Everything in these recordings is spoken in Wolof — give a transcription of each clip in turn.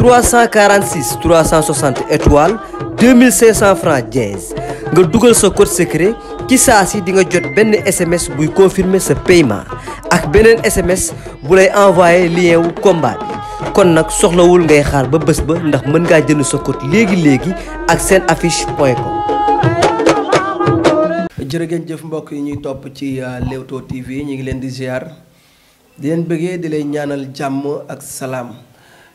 346 360 étoiles 2500 francs dièse nga dugal sa code secret ci saa si di nga jot benn SMS buy confirmer sa paiement ak beneen SMS bu lay envoyer lien wu combat kon nag soxlawul ngay xaar ba bés ba ndax mën ngaa jënd sa code léegi-léegi ak seen affiche point com jërëgeen jëf mbokk yi ñuy topp ci euh, Leewtoo TV ñu ngi leen di ziar di leen bëggee di lay ñaanal jàmm ak salaam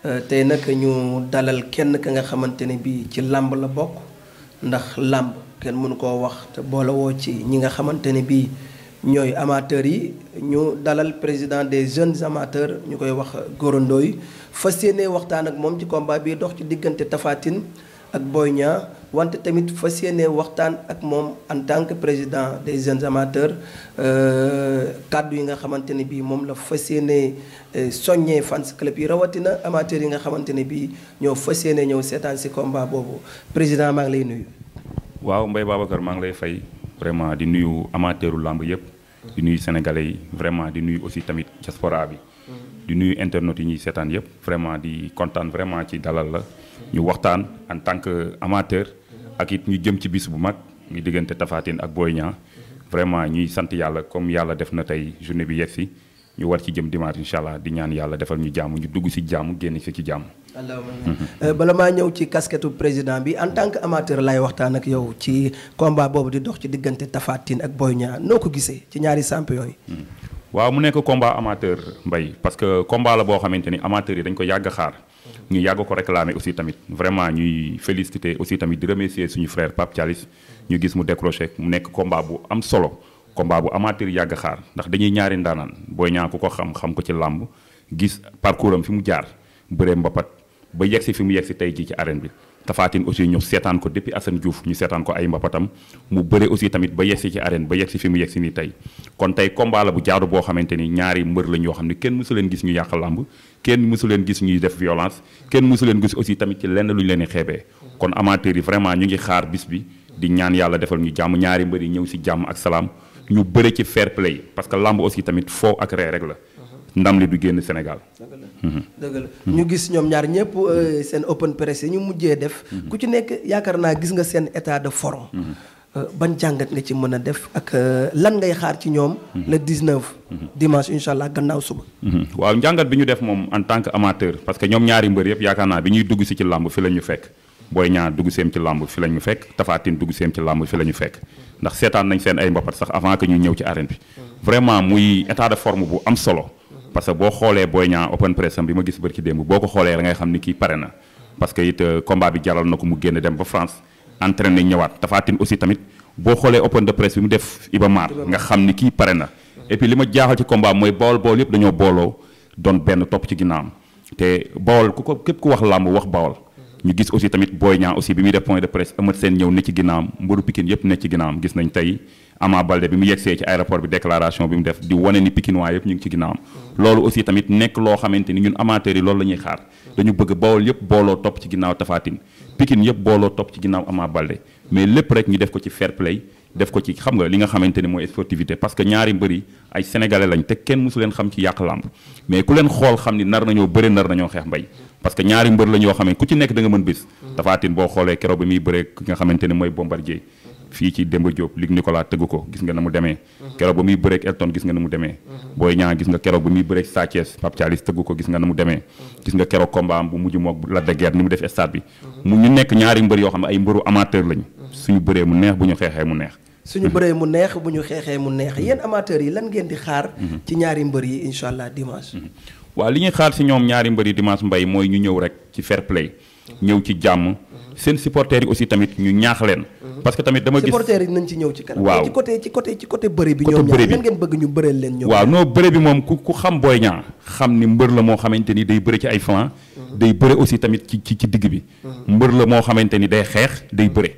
Euh, tey nag ñu dalal kenn ka nga xamante ne bii ci làmb la bokk ndax làmb kenn mënu koo wax te boole woo ci ñi nga xamante ne bii ñooy amateurs yi ñu dalal président des jeunes amateurs ñu koy wax Gora Ndoye fas yéene waxtaan ak moom ci combat bii dox ci diggante tafaatin ak Boy Niang wante tamit fas yéene waxtaan ak moom en tant que président des jeunes amateurs euh, kàddu yi nga xamante ne bii moom la fas yéene euh, soññee fans club yi rawatina amateurs yi nga xamante ne bii ñoo fas yéene ñëw seetaan si combat boobu président mag ngi lay nuyu. waaw Mbaye Babacar maa ngi lay fay vraiment di nuyu amateuru làmb yëpp. di nuyu sénégalais yi vraiment di nuyu aussi tamit diaspora bi. di nuyu internautes yi ñuy seetaan yëpp vraiment di kontaan vraiment ci dalal la. ñu waxtaan en tant que amateur. ak it ñu jëm ci bis bu mag muy diggante Tapha ak Boy Niang vraiment ñuy sant yàlla comme yàlla def na tey journée bi yegsi ñu war ci jëm dimanche incha allah di ñaan yàlla defal ñu jàmm ñu dugg si jàmm génn si ci jàmm. allahumma euh, bala maa ñëw ci casquette président bi en tant que amateur lay waxtaan ak yow ci combat boobu di dox ci diggante Tapha ak Boy Niang noo ko gisee ci ñaari samp yi hmm. waaw mu nekk combat amateur mbay parce que combat la boo xamante ni amateur yi dañ ko yàgg xaar. ñu yàgg ko réclamer aussi tamit vraiment ñuy félicité aussi tamit di remercier suñu frère Pape Thialis ñu gis mu décroché mu nekk combat bu am solo combat bu amateur yàgg xaar ndax dañuy ñaari ndaanaan booy ñaa ku ko xam xam ko ci làmb gis parcours am fi mu jaar bëree mbapat ba yegsi fi mu yegsi tey jii ci arène bi Tafatine aussi ñu seetaan ko depuis Assane Diouf ñu seetaan ko ay mbapatam mu bëre aussi tamit ba yegsi ci arène ba yegsi fi mu yegsi nii tey kon tey combat bu jaaru boo xamante ni ñaari mbër lañ yoo xam ne kenn mësu leen gis ñu yàq làmb kenn mësu leen gis ñuy def violence kenn mësu leen gis aussi tamit ci lenn lu ñu leen di xeebee kon amateurs yi vraiment ñu ngi xaar bis bi di ñaan yàlla defal ñu jàmm ñaari mbër yi ñëw si jàmm ak salaam ñu bëre ci fair play parce que aussi tamit foo ak ree la ndam li du génn Sénégal. Mhm. ñu gis ñoom ñaar ñëpp euh, seen open press yi ñu mujjee def. Mhm. ku ci nekk yaakaar naa gis nga seen état de forme. Mhm. Euh, ban jàngat nga ci mën a def ak euh, lan ngay xaar ci ñoom. le 19. dimanche incha allah gannaaw suba. waaw njàngat bi ñu def moom en tant que amateur parce que ñoom ñaari mbër yëpp yaakaar naa bi ñuy dugg si ci làmb fi la ñu fekk. booy ñaar dugg seem ci làmb fi la ñu fekk tafaatin dugg seem ci làmb fi la ñu fekk ndax seetaan nañ seen ay mbapat sax avant que ñu ñëw ci arène bi. bu am solo. parce que boo xoolee Boy Niang open press am bi ma gis bërki démb boo ko xoolee la ngay xam ni kii pare na parce que it euh, combat bi jaral na ko mu génn dem ba France entraîné ñëwaat Tapha Tine aussi tamit boo xoolee open de presse bi mu def Iba nga xam ni kii pare na et puis li ma jaaxal ci combat mooy Bawol Bawol yëpp dañoo booloo doon benn topp ci ginnaawam te Bawol ku ko képp ku wax làmb wax Bawol ñu gis aussi tamit Boy Niang aussi bi muy def point de presse Eumeu Sène ñëw ne ci yëpp ne ci ginnaawam gis nañ tey Ama Balde bi mu yegsee ci aéroport bi déclaration bi mu def di wane ni Pikinois yëpp ñu ngi ci ginnaawam. loolu aussi tamit nekk loo xamante ni ñun amateurs yi loolu la ñuy xaar. dañu bëgg Bawol yëpp booloo topp ci ginnaaw Tapha Tine yëpp booloo topp ci ginnaaw Ama Balde mais lépp rek ñu def ko ci fair play def ko ci xam nga li nga xamante ni mooy sportivité parce que ñaari mbëri ay sénégalais lañ te kenn mosu leen xam ci yàq làmb mais ku leen xool xam ni nar nañoo bëre nar nañoo xeex mbay parce que ñaari mbër lañ yoo xam ne ku ci nekk da nga mën bis boo xoolee keroog bi muy mooy bombardier fii ci Demba Diop Luc Nicolas tëgg ko gis nga na mu demee keroog ba muy bëreeg Elton gis nga na mu demee Boy Niang gis nga keroog ba muy bëreeg Sa Thiès Pape tëgg ko gis nga na mu demee gis nga keroog combat bu mujj mook Lac de Guiers ni mu def stade bi mu ñu nekk ñaari mbër yoo xam ne ay mbëru amateur lañu suñu bëree mu neex bu ñu xeexee mu neex suñu bëree mu neex bu ñu xeexee mu neex yéen amateurs yi lan ngeen di xaar ci ñaari mbër yi incha allah dimanche waaw li ñuy xaar si ñoom ñaari mbër yi mbay mooy ñu ñëw rek ci fair play ñëw ci jàmm seen supporters yi aussi tamit ñu ñaax leen parce que tamit dama gis supporters nañ ci ñëw ci kanam. waaw ci côté ci côté ci côté bëre bi. ñoom ñaar ngeen bëgg ñu bëreel leen ñoom. waaw non bëre bi moom ku ku xam Boy Niang xam ni mbër la moo xamante ni day bëre ci ay flanc. Mhm. day bëre aussi tamit ci ci ci digg bi. Mhm. mbër la moo xamante ni day xeex day bëre.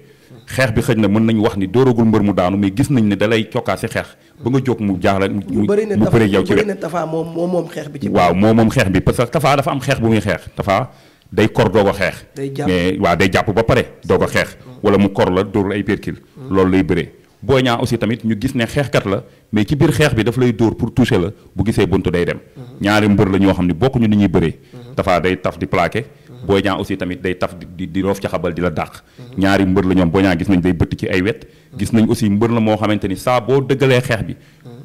xeex bi xëj na mën nañu wax ni dooragul mbër mu daanu mais gis nañ ne dalay cokkaasi xeex ba nga jóg mu jaaxle mu bëre yow ci wet. ñu bëri ne Tafa moom moom moom bi ci. waaw moom moom xeex bi parce que Tafa dafa am xeex bu muy xeex Tafa day kor doog a xeex. mais waa day jàpp ba pare doog a xeex. wala mu kor la dóorul ay percule. loolu lay bëree. Boy Niang aussi tamit ñu gis ne xeexkat la mais ci biir xeex bi daf lay dóor pour toucher la bu gisee bunt day dem. ñaari mbër la ñoo xam ne bokkuñu ni ñuy bëree. dafaa day taf di plaqué. Boy Niang aussi tamit day taf di di roof ca xabal di la dàq. ñaari mbër la ñoom boo ñaa gis nañ day bëtt ci ay wet. gis nañ aussi mbër la moo xamante ni saa boo dëggalee xeex bi.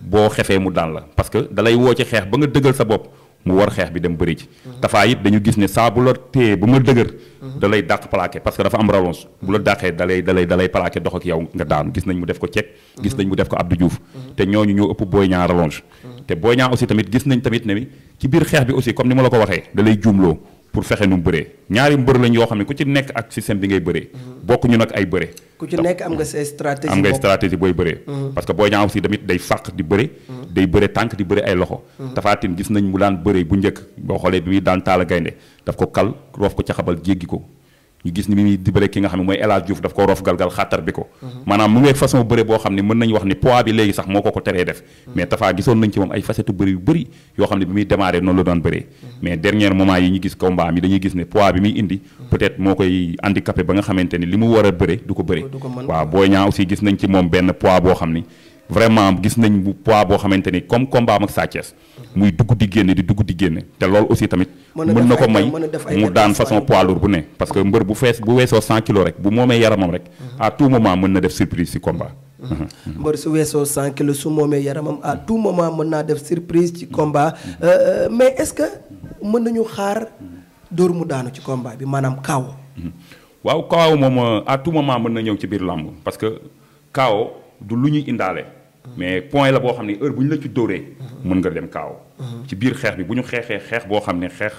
boo xefee mu daan la parce que dalay woo ci xeex ba nga dëggal sa bopp mu war xeex bi dem bëri ci dafaa it dañu gis ne saa bu la téye bu ma dëgër da dàq plaqué parce que dafa am relance bu la dàqee da lay da lay da lay plaqué dox ak yow nga daanu gis nañ mu def ko Cech gis nañ mu def ko Abdou Diouf te ñooñu ñoo ëpp Boy Niang tamit gis nañ tamit ne ci biir xeex bi aussi comme ni ma la ko waxee da lay juumloo pour fexe nu mu ñaari mbër lañ yoo xam ne ku ci nekk ak système bi ngay bëree bokkuñu nag ay bëre. ku ci nekk am nga sa stratégie am booy bëree. Mm-hmm. parce que Boy Niang si tamit day fàq di bëre. Mm-hmm. day bëre tànk di bëre ay loxo. Mm-hmm. Tapha gis nañ mu daan bëre bu njëkk boo xoolee bi muy daan taala gaynde daf ko kal roof ko xabal jéggi ko ñu gis ni bi muy di bëre ki nga xam ne mooy El Hadj Diouf daf ko rof galgal xàttar bi ko maanaam mu ngi façon bëre boo xam ne mën nañu wax ni poids bi léegi sax moo ko ko teree def mais Tapha gisoon nañ ci moom ay facette bëri yu bëri yoo xam ne bi muy démarré noonu la doon bëree mais dernier moment yi ñu gis combat mi dañuy gis ne poids bi muy indi peut-être moo xamante ni li mu war a bëre ko bëre waaw Boy Niang aussi nañ ci moom benn poids boo xam ni vraiment gis nañ bu poids boo xamante ni comme combat ak Sa Thiès muy dugg di génne di dugg di génne te loolu aussi tamit mën na ko may mu daan façon poids lourd bu ne parce que mbër bu fees bu weesoo 100 kilos rek bu moomee yaramam rek mhm. à tout moment mën na def surprise ci combat mhm. Mhm. mbër su weesoo 100 kilos su moomee yaramam à tout moment mën naa def surprise ci combat euh, euh, mais est-ce que mën nañu xaar dóor mu daanu ci combat bi maanaam kaaw waaw kaaw moom à tout moment mën na ñëw ci biir làmb parce que kaaw du lu ñuy indaale mais point la boo xam ne heure bu ñu la ci dóoree mën nga dem kaaw ci biir xeex bi bu ñu xeexee xeex boo xam ne xeex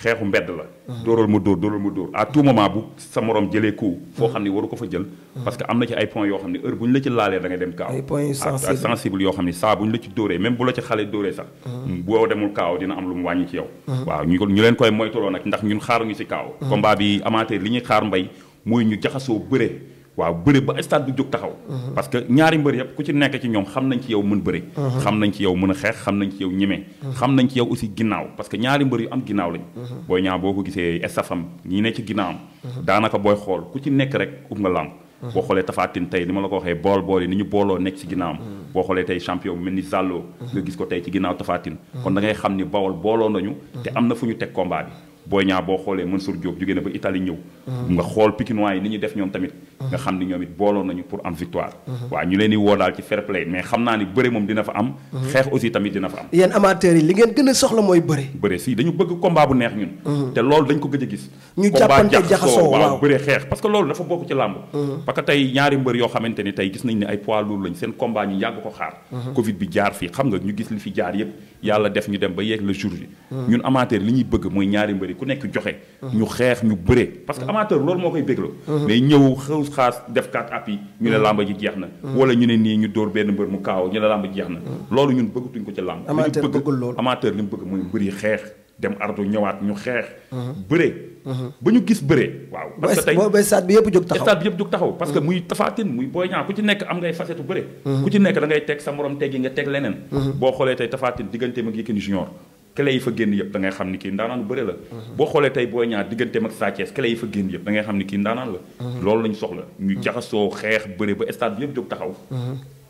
xeexu mbedd la dóoral ma dóor dóoral ma dóor à tout moment bu sa morom jëlee coup foo xam ne waru ko fa jël parce que am na ci ay points yoo xam ne heure bu ñu la ci laalee da ngay dem kaaw ay points sensible yoo xam ne saa bu ñu la ci dóoree même bu la ci xale dóoree sax mm-hmm. boo demul kaaw dina am lu mu wàññi ci yow mm-hmm. waaw ñu leen koy moytuloo nag ndax ñun xaaruñu si kaaw mm-hmm. combat bi amateur li ñuy xaar mbay mooy ñu jaxasoo bëre waaw bëre ba stade bi jóg taxaw parce ñaari mbër yëpp ku ci nekk ci ñoom xam nañ ci yow mën bëre xam nañ ci yow mën a xeex xam nañ ci yow ñemee xam nañ ci yow aussi ginnaaw parce que ñaari mbër yu am ginnaaw lañ booy ñaa boo ko gisee estafam booy xool ku ci nekk rek ub nga làmb boo xoolee tafaatin tey ni ma la ko waxee bool bool yi ni ñu booloo nekk ci ginnaawam boo xoolee tey champion bu mel ni Zallo nga gis ko tey ci ginnaaw tafaatin kon da ngay xam ni bawol booloo nañu te am na fu ñu teg combat bi Boy Niang boo xoolee Mansour Diop jóge na ba Italie ñëw nga xool pikinois yi ni ñu def ñoom tamit nga xam ni ñoom it booloon nañu pour am victoire waaw ñu leen woo daal ci fair play mais xam naa ni bëre moom dina fa am xeex aussi tamit dina fa am yéen amateurs yi li ngeen gën a soxla mooy bëre bëre si dañu bëgg combat bu neex ñun te loolu dañ ko gëj a gis ñu jàppante jaxasoo waaw bëre xeex parce loolu dafa bokk ci làmb parce ñaari mbër yoo xamante ku nekk joxe. ñu xeex ñu bëre. parce que amateur loolu moo koy bégloo. mais ñëw xew xaas def quatre appuis ñu ne làmba ji jeex na. wala ñu ne nii ñu dóor benn mbër mu kaaw ñu ne làmba ji jeex na. loolu ñun bëgg bëggatuñ ko ci làmb. amateur bëggul loolu amateur li mu bëgg mooy bëri xeex dem ardu ñëwaat ñu xeex. Mhm. bëre. Mhm. ba ñu gis bëre. waaw parce que tey boo boo stade bi yëpp jóg taxaw stade bi yëpp jóg taxaw parce que mhm. muy tafaatin muy booy ñaa ku ci nekk am ngay facetu bëre. ku ci nekk da teg sa morom teggi nga teg leneen. boo xoolee tey tafaatin diggante mag Yékini clé yi fa yëpp da ngay xam ni kii ndaanaan lu bëre xoolee tey Boy Niang digganteem ak Sa Thiès clé yi fa génn yëpp da ngay xam ni la loolu lañ soxla xeex bëre ba stade bi yëpp jóg taxaw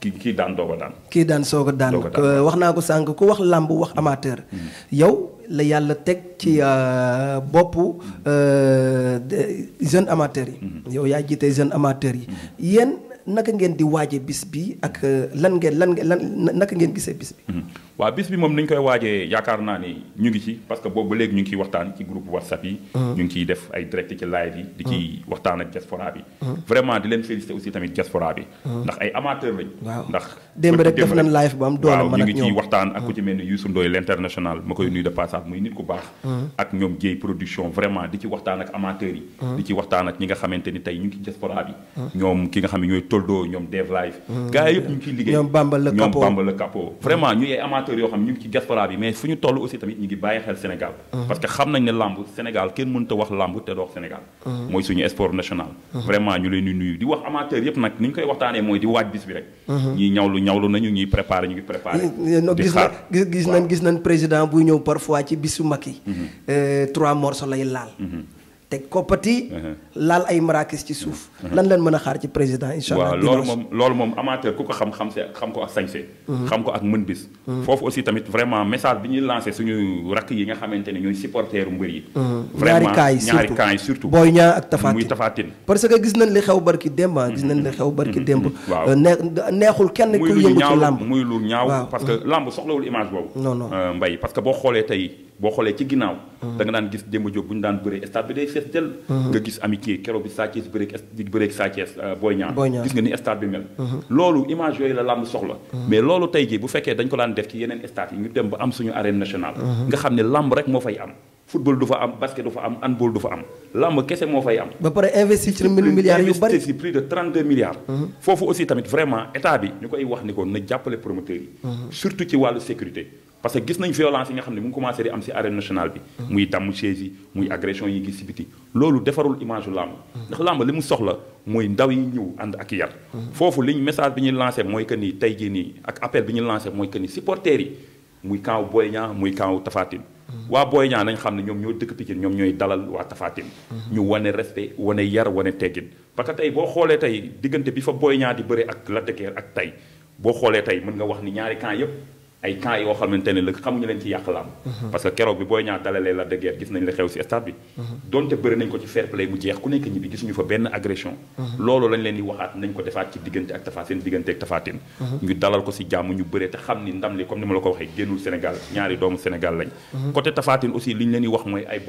kii kii daan doog a daan kii daan soo a daan wax naa ko sànq ko wax làmb wax mm-hmm. amateur mm-hmm. yaw la yàlla teg ci mm-hmm. euh, bopp euh, jeune amateur yi yow yaa jiite jeune amateur yi yéen naka ngeen di waaje bis bi ak euh, lan ngeen lan ngeen naka ngeen gisee bis bi waaw bis bi moom ni ñu koy waajee yaakaar naa ni ñu ngi ci parce que boobu ba léegi ñu ngi ciy waxtaan ci groupe whatsapp yi. ñu ngi ciy def ay direct ci live yi. di ci waxtaan ak leen féliciter aussi tamit diaspora bi. ndax ay amateur lañ. ndax démb rek def nañ live bu am doole waxtaan ak ku ci mel ni Youssou Ndoye l'international ma koy ci waxtaan ak amateurs yi. di ci waxtaan ak ñi nga xamante ni tey ñu ngi ci diaspora bi. ñoom ki nga xam ne ñooy Toldo ñoom Dev Live. gars yëpp ñu ngi ciy liggéey ñoom Bamba le Capo animateurs yoo xam ñu ngi ci diaspora bi mais fu ñu toll aussi tamit ñu ngi bàyyi xel Sénégal. Uh-huh. parce que xam nañ ne làmb Sénégal kenn mënut wax làmb te doo Sénégal. Uh-huh. mooy suñu sport national. Uh-huh. vraiment ñu leen di nuyu di wax amateurs yëpp nag ni ñu koy waxtaanee mooy di waaj bis bi rek. ñiy ñawlu ñawlu nañu ñuy préparé ñu ngi préparé. di xaar gis gis gis nañ président buy ñëw parfois ci bisu mag yi. Euh, trois morceaux lay laal. te koppati. Uh-huh. laal ay marakis ci suuf. Uh-huh. Uh-huh. lan leen mën a xaar ci président incha allah. waaw loolu moom loolu amateur ku ko xam xam se xam ko ak sañse xam ko ak mën bis. foofu aussi tamit vraiment message bi ñuy lancé suñu rakk yi nga xamante ne ñooy supporteru mbër yi. vraiment ñaari camps yi surtout booy ñaa ak tafatin muy parce que gis nañ li xew barki démb ah, gis nañ li xew barki démb. waaw euh, neexul kenn kuy yëngu ci làmb muy lu ñaaw muy parce que làmb soxlawul image boobu. noonu non euh, parce que boo xoolee tey. boo xoolee ci ginnaaw. da nga daan gis Demba Diop bu ñu daan bëree stade bi day fees dell. Mhm. nga gis amitié keroog bi Sa Thiès bëree euh, Boy Niang gis nga ni stade bi mel. Mhm. loolu image yooyu la làmb soxla. Mhm. mais loolu tey jii bu fekkee dañ ko daan def ci yeneen stade yi ñu dem ba am suñu arène nationale. nga xam ne làmb rek moo fay am. football du fa am basket du fa am handball du fa am làmb kese moo fay am. ba pare milliards foofu aussi tamit vraiment état bi ñu koy parce que gis nañ violence yi nga xam ne mu ngi commencé di am si arène nationale bi. Mm-hmm. muy damm chaise muy agression yi gis si biti. loolu defarul image u làmb. Mm-hmm. ndax làmb li mu soxla mooy ndaw yi ñëw ànd ak yar. Mm-hmm. foofu liñ message bi ñuy lancé mooy que nii tey jii nii ak appel bi ñuy lancé mooy que ni supporters yi muy camp wu Boy muy camp wu Tapha waa Boy ñaar nañ xam ne ñoom ñoo dëkk Pikine ñoom ñooy dalal waa Tapha Tine. ñu wane respect wane yar wane teggin parce que tey boo xoolee tey diggante bi fa Boy Niang di bëre ak Lac de Guiers ak tey boo xoolee tey mën nga wax ni ñaari camp yëpp. ay camps yoo xamante ne la xamuñu leen ci yàq làmb mhm. parce que keroog bi booy ñaar dalalee la de guerre gis nañ la xew si stade bi mhm. donte bëri nañ ko ci fair play mu jeex ku nekk ñibbi mhm. leen di waxaat nañ ko defaat ci diggante ak Tapha Tine diggante ak Tapha si jàmm ñu bëree te xam ni ndam li comme ni ma la ko waxee génnul Sénégal ñaari doomu Sénégal lañ côté Tapha Tine aussi li ñu leen di wax mooy ay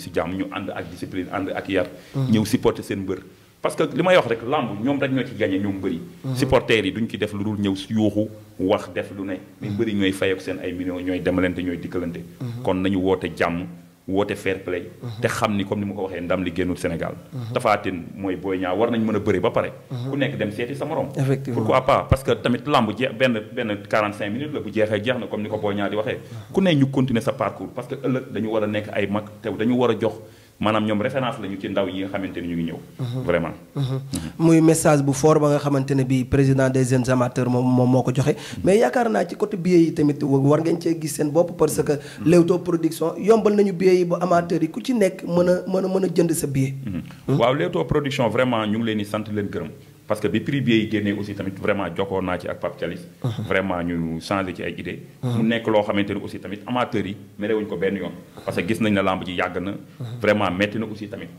si jàmm ñu ànd ak discipline ànd ak yar ñëw supporter seen mbër parce que li may wax rek làmb ñoom rek ñoo ci gagné ñoom mbëri mhm. supporters yi duñ ci def lu dul ñëw yuuxu wax def lu ne mais mhm. mbëri ñooy fay ak seen ay millions ñooy demalante ñooy dikkalante mhm. kon nañu woote jàmm woote fair play te xam ni comme ni ma ko waxee ndam li génnul Sénégal Tapha Tine mooy Boy Niang war nañ mën a bëri ba pare ku nekk dem seeti sa morom pourquoi pas parce que tamit làmb jeex benn benn 45 minutes la bu jeexee jeex na comme ni ko Boy Niang que ëllëg maanaam ñoom référence la ñu ci ndaw yi nga xamante ni ñu ngi ñëw. Mhm. vraiment. Mhm. Mhm. muy message bu foor ba nga xamante ne bii président des jeunes amateurs moom moom moo ko joxe mais yaakaar naa ci côté billets yi tamit war ngeen cee gis seen bopp parce que. Leewtoo production yombal nañu billets yi ba amateurs yi ku ci nekk mën a mën a mën a jënd sa billet. waaw Leewtoo production vraiment ñu ngi leen di sant leen gërëm. parce que bi prix bi yi génnee aussi tamit vraiment jokkoon naa ci ak Pape Thialis uh-huh. vraiment ñu changé ci ay idée uh-huh. mu nekk loo xamante ne aussi tamit amateurs yi merewuñ ko benn yoon uh-huh. parce que gis nañ ne lamb ji yàgg na vraiment metti na aussi tamit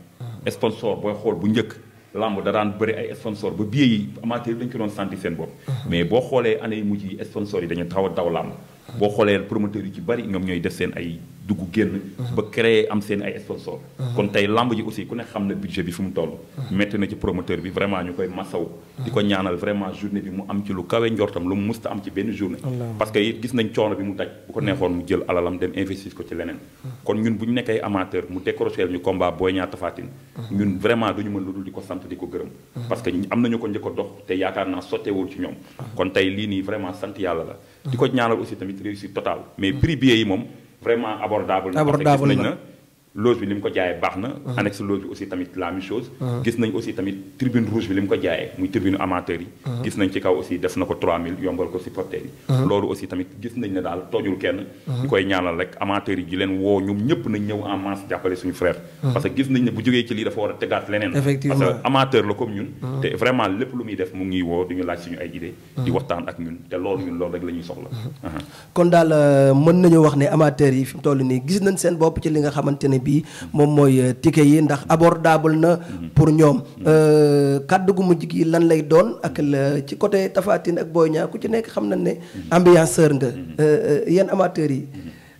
sponsor booy xool bu njëkk lamb da daan bëri ay sponsor ba billet yi amateurs yi dañu ko doon sentir seen bopp mais boo xoolee année yi mujj yi sponsor yi dañu taw a daw lamb boo xoolee promoteurs yu ci bari ñoom ñooy def seen ay dugg génn. Uh-huh. ba créer am seen ay sponsor uh-huh. kon tey lamb ji aussi ku ne xam na budget bi fu mu toll. Uh-huh. métti ci promoteur bi vraiment ñu koy masaw. di ko ñaanal vraiment journée bi mu am ci lu kawe lu mu musta am ci benn journée. parce que gis nañ coono bi mu daj. ko neexoon mu jël alalam dem investir ko ci leneen. kon ñun bu nekkee amateur mu décrocher ñu combat Boy Niang Tapha Tine. ñun vraiment du ñu mën lu di ko sant di ko gërëm. parce que am nañu ko njëkk a dox te yaakaar naa sottewul ci ñoom. kon lii nii vraiment sant yàlla la. di ko ñaanal aussi tamit réussite totale mais mm. prix billet yi moom vraiment abordable na abordable na loge bi li uh-huh. uh-huh. uh-huh. loolu aussi tamit gis nañ ne daal toojul kenn. ñu koy ñaanal rek amateur yi di woo ñoom ñëpp nañ ñëw en jàppale suñu frère. parce que gis nañ ne bu jógee ci lii dafa war a tegaat leneen. parce que amateur la comme ñun. te vraiment lépp lu muy def mu ngi woo di ñu laaj suñu ay idée di waxtaan ak ñun te loolu ñun loolu rek la soxla. kon daal euh, mën nañu wax ne amateurs yi fi mu nii gis nañ seen bopp ci li nga xamante ne bi moom mooy euh, ticket yi ndax abordable na pour ñoom euh, kàddu gu mujj gi lan lay doon ak ci côté Tapha Tine ak Boy ñaar ku ci nekk xam nañ ne mm-hmm. ambianceur nga mm-hmm. euh, yéen amateurs yi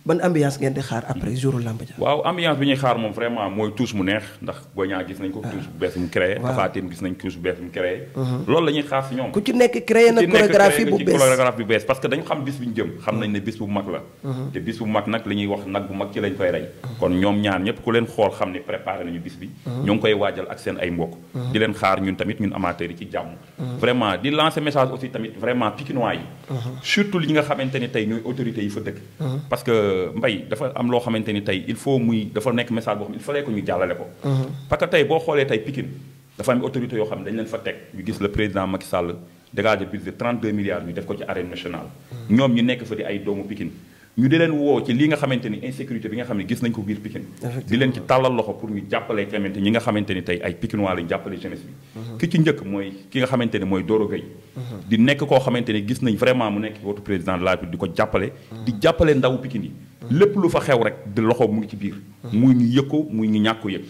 ban ambiance ngeen di xaar après jour lamb ja waaw ambiance bi ñuy xaar moom vraiment mooy tuus mu neex ndax Boy Niang gis nañ ko tuus bu bees mu créé Tapha Tine gis nañ tuus bu bees mu créé mhm. loolu la xaar ñoom ku ci nekk créé na chorégraphie bu bees parce que dañu xam bis bi ñu jëm xam ne bis bu mag la mhm. te bis bu mag nag li wax nag bu mag ci lañ koy rey kon ñoom ñaar ñëpp ku leen xool xam ne préparé nañu bis bi mhm. ñoo ngi koy waajal ak seen ay Mbaye dafa am loo xamante ni tey il faut muy dafa nekk message boo xam il fallait que ñu jàllale ko. Mhm. parce que boo xoolee tey Pikine dafa am autorité yoo xam ne dañu leen fa teg ñu gis le président Macky Sall dégager plus de 32 milliards ñu def ko ci arène nationale. Mhm. ñoom ñu nekk fa di ay doomu Pikine. ñu di leen woo ci li nga xamante ni insécurité bi nga xam ne gis nañ ko biir Pikine di leen ci tàllal loxo pour ñu jàppale tamit ñi nga xamante ni tey ay Pikinois lañ jàppale jeunesse bi mhm. ki ci njëkk mooy ki nga xamante ni mooy Doro Gueye mhm. di nekk koo xamante ni gis nañ vraiment mu nekk wotu président de la République ko jàppale mhm. jàppale ndaw Pikine yi lépp lu fa xew rek di loxo mu ngi ci biir mu ñu yëg ko muy ñu ñàkk ko yëg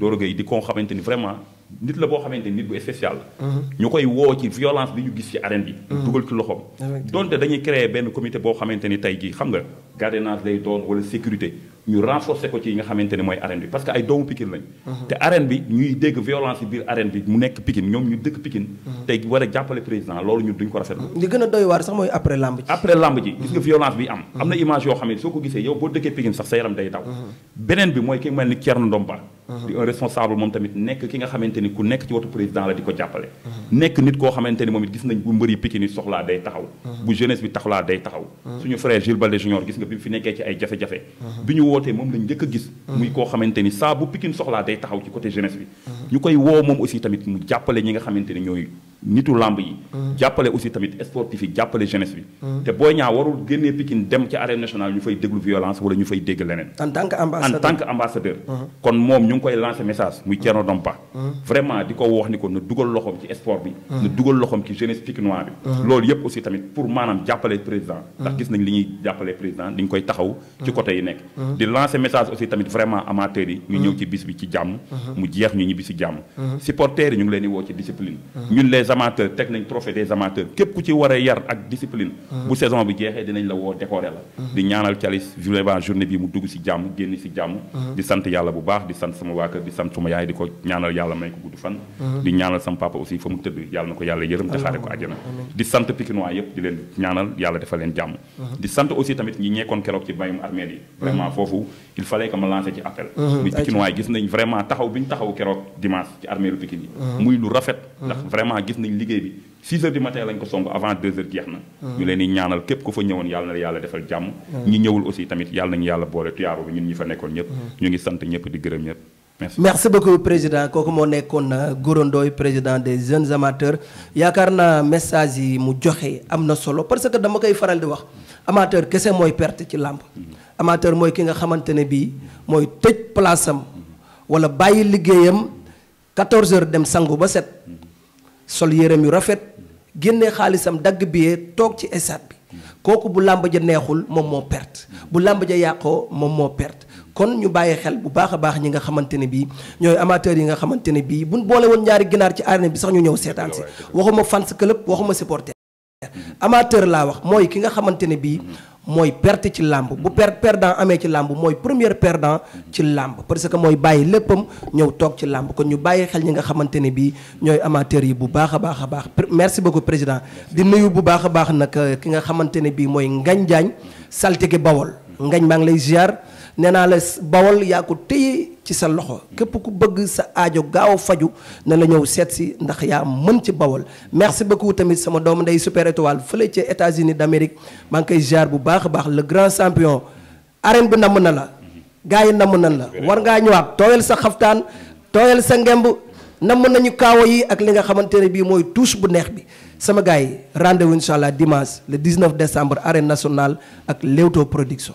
Doro di koo xamante ni vraiment nit la boo xamante nit bu spécial la. Mhm. ñu koy woo ci violence bi ñu gis ci arène bi. Mhm. dugal ci loxoom. donte dañuy créer benn comité boo xamante ni tey jii xam nga gardiennage lay doon wala sécurité ñu renforcer ko ci nga xamante ne mooy arène bi parce que ay doomu Pikine lañ. Mhm. te arène bi ñuy dégg violence biir arène bi mu nekk Pikine ñoom ñu dëkk Pikine. tey war a jàppale président loolu ñu duñ ko rafetlu. li gën a doy waar sax mooy après lamb ji. après lamb ji gis nga violence bi ko gisee yow boo di un responsable moom tamit nekk ki nga xamante ni ku nekk ci wetu président la di ko jàppale. nekk nit koo xamante moom it gis nañ bu mbëri Pikine ni soxlaa day taxaw. bu jeunesse bi taxulaa day taxaw. suñu frère Jules Baldé Junior gis nga bi fi nekkee ci ay jafe-jafe. bi ñu wootee moom lañ njëkk a gis. muy koo xamante ni saa bu Pikine soxlaa day taxaw ci côté jeunesse bi. ñu koy woo moom aussi tamit mu jàppale ñi nga xamante ni ñooy. nitu lamb yi. jàppale aussi tamit sportif yi jàppale jeunesse bi. te Boy Niang warul génnee Pikine dem ci arène nationale ñu fay déglu violence wala ñu fay dégg leneen. en ngi koy lancé message muy Thierno Dompa vraiment di ko wax ni ko na dugal loxoom ci sport bi na dugal loxoom ci jeunesse pikinois bi loolu yëpp aussi tamit pour maanaam jàppale président ndax gis nañ li ñuy jàppale président ni ñu koy taxaw ci côté yi nekk di lancé message aussi tamit vraiment amateurs yi ñu ñëw ci bis bi ci jàmm mu jeex ñu ñibbi si jàmm supporters yi ñu ngi leen woo ci discipline ñun les a yar ak la woo décoré la di ñaanal Thialis sama waa kër di sant suma yaay di ko ñaanal yàlla may ko gudd fan mhm. di ñaanal sama papa aussi fa mu tëdd yàlla na ko yàlla yërëm te ko àjjana di sant pikinois yëpp di leen ñaanal yàlla defal leen jàmm mhm. di sant aussi tamit ñi ñekkoon keroog ci bayum armée yi mhm. vraiment foofu il fallait que ma lancé ci appel muy pikinois gis nañ vraiment taxaw bi ñu taxaw keroog dimanche ci armée lu yi muy lu rafet ndax vraiment gis nañ liggéey bi 6 heures du matin lañ ko song avant 2 heures jeex na. Ah. ñu leen ñaanal képp ku fa ñëwoon yàlla na yàlla defal jàmm. Ah. ñi ñëwul aussi tamit yàlla nañu yàlla boole tuyaaru bi ñun ñi fa nekkoon ñëpp. Ah. ñu ngi sant ñëpp di gërëm ñëpp. Merci. merci beaucoup président kooku moo nekkoon euh, Gora Ndoye président des jeunes amateurs yaakaar naa message yi mu joxe am na solo parce que dama koy faral di wax amateur kese mooy perte ci làmp mm. amateur mooy ki nga xamante ne bii mooy tëj place am wala bàyyi liggéeyam 14 heures dem sangu ba set mm. sol yéreem rafet génne xaalisam dagg bi billet toog ci stade bi kooku bu làmb ja neexul moom moo perte bu làmb ja yàqoo moom moo perte kon ñu bàyyi xel bu baax a baax ñi nga xamante ne bii ñooy amateurs yi nga xamante ne bii buñ boole woon ñaari ginaar ci arène bi sax ñu ñëw seetaan si waxuma fans club waxuma supporter amateur laa wax mooy ki nga xamante ne bii mooy perte ci làmb bu per perdant amee ci làmb mooy première perdant ci làmb parce que mooy bàyyi léppam ñëw toog ci làmb kon ñu bàyyi xel ñi nga xamante ne bii ñooy amateurs yi bu baax a baax a baax merci beaucoup président di nuyu bu baax a baax nag euh, ki nga xamante ne bii mooy Ngañ Jaañ saltige Bawol Ngañ maa ngi lay ziar nee naa la Bawol yaa ko téye ci sa loxo képp ku bëgg sa ajo gaaw faju na la ñëw seet si ndax yaa mën ci bawal merci beaucoup tamit sama doom ndey super étoile fële ca États-Unis d'Amérique maa ngi koy jaar bu baax a baax la grand champion arraine bi namm na la gars yi namm nan la war ngaa ñëwaat tooyal sa xaftaan tooyal sa ngemb namm nañu kaawa yi ak li nga xamante ne bii mooy touche bu neex bi sama gars yi rendez-vous incha allah dimanche le 19 décembre arène nationale ak Leewtoo production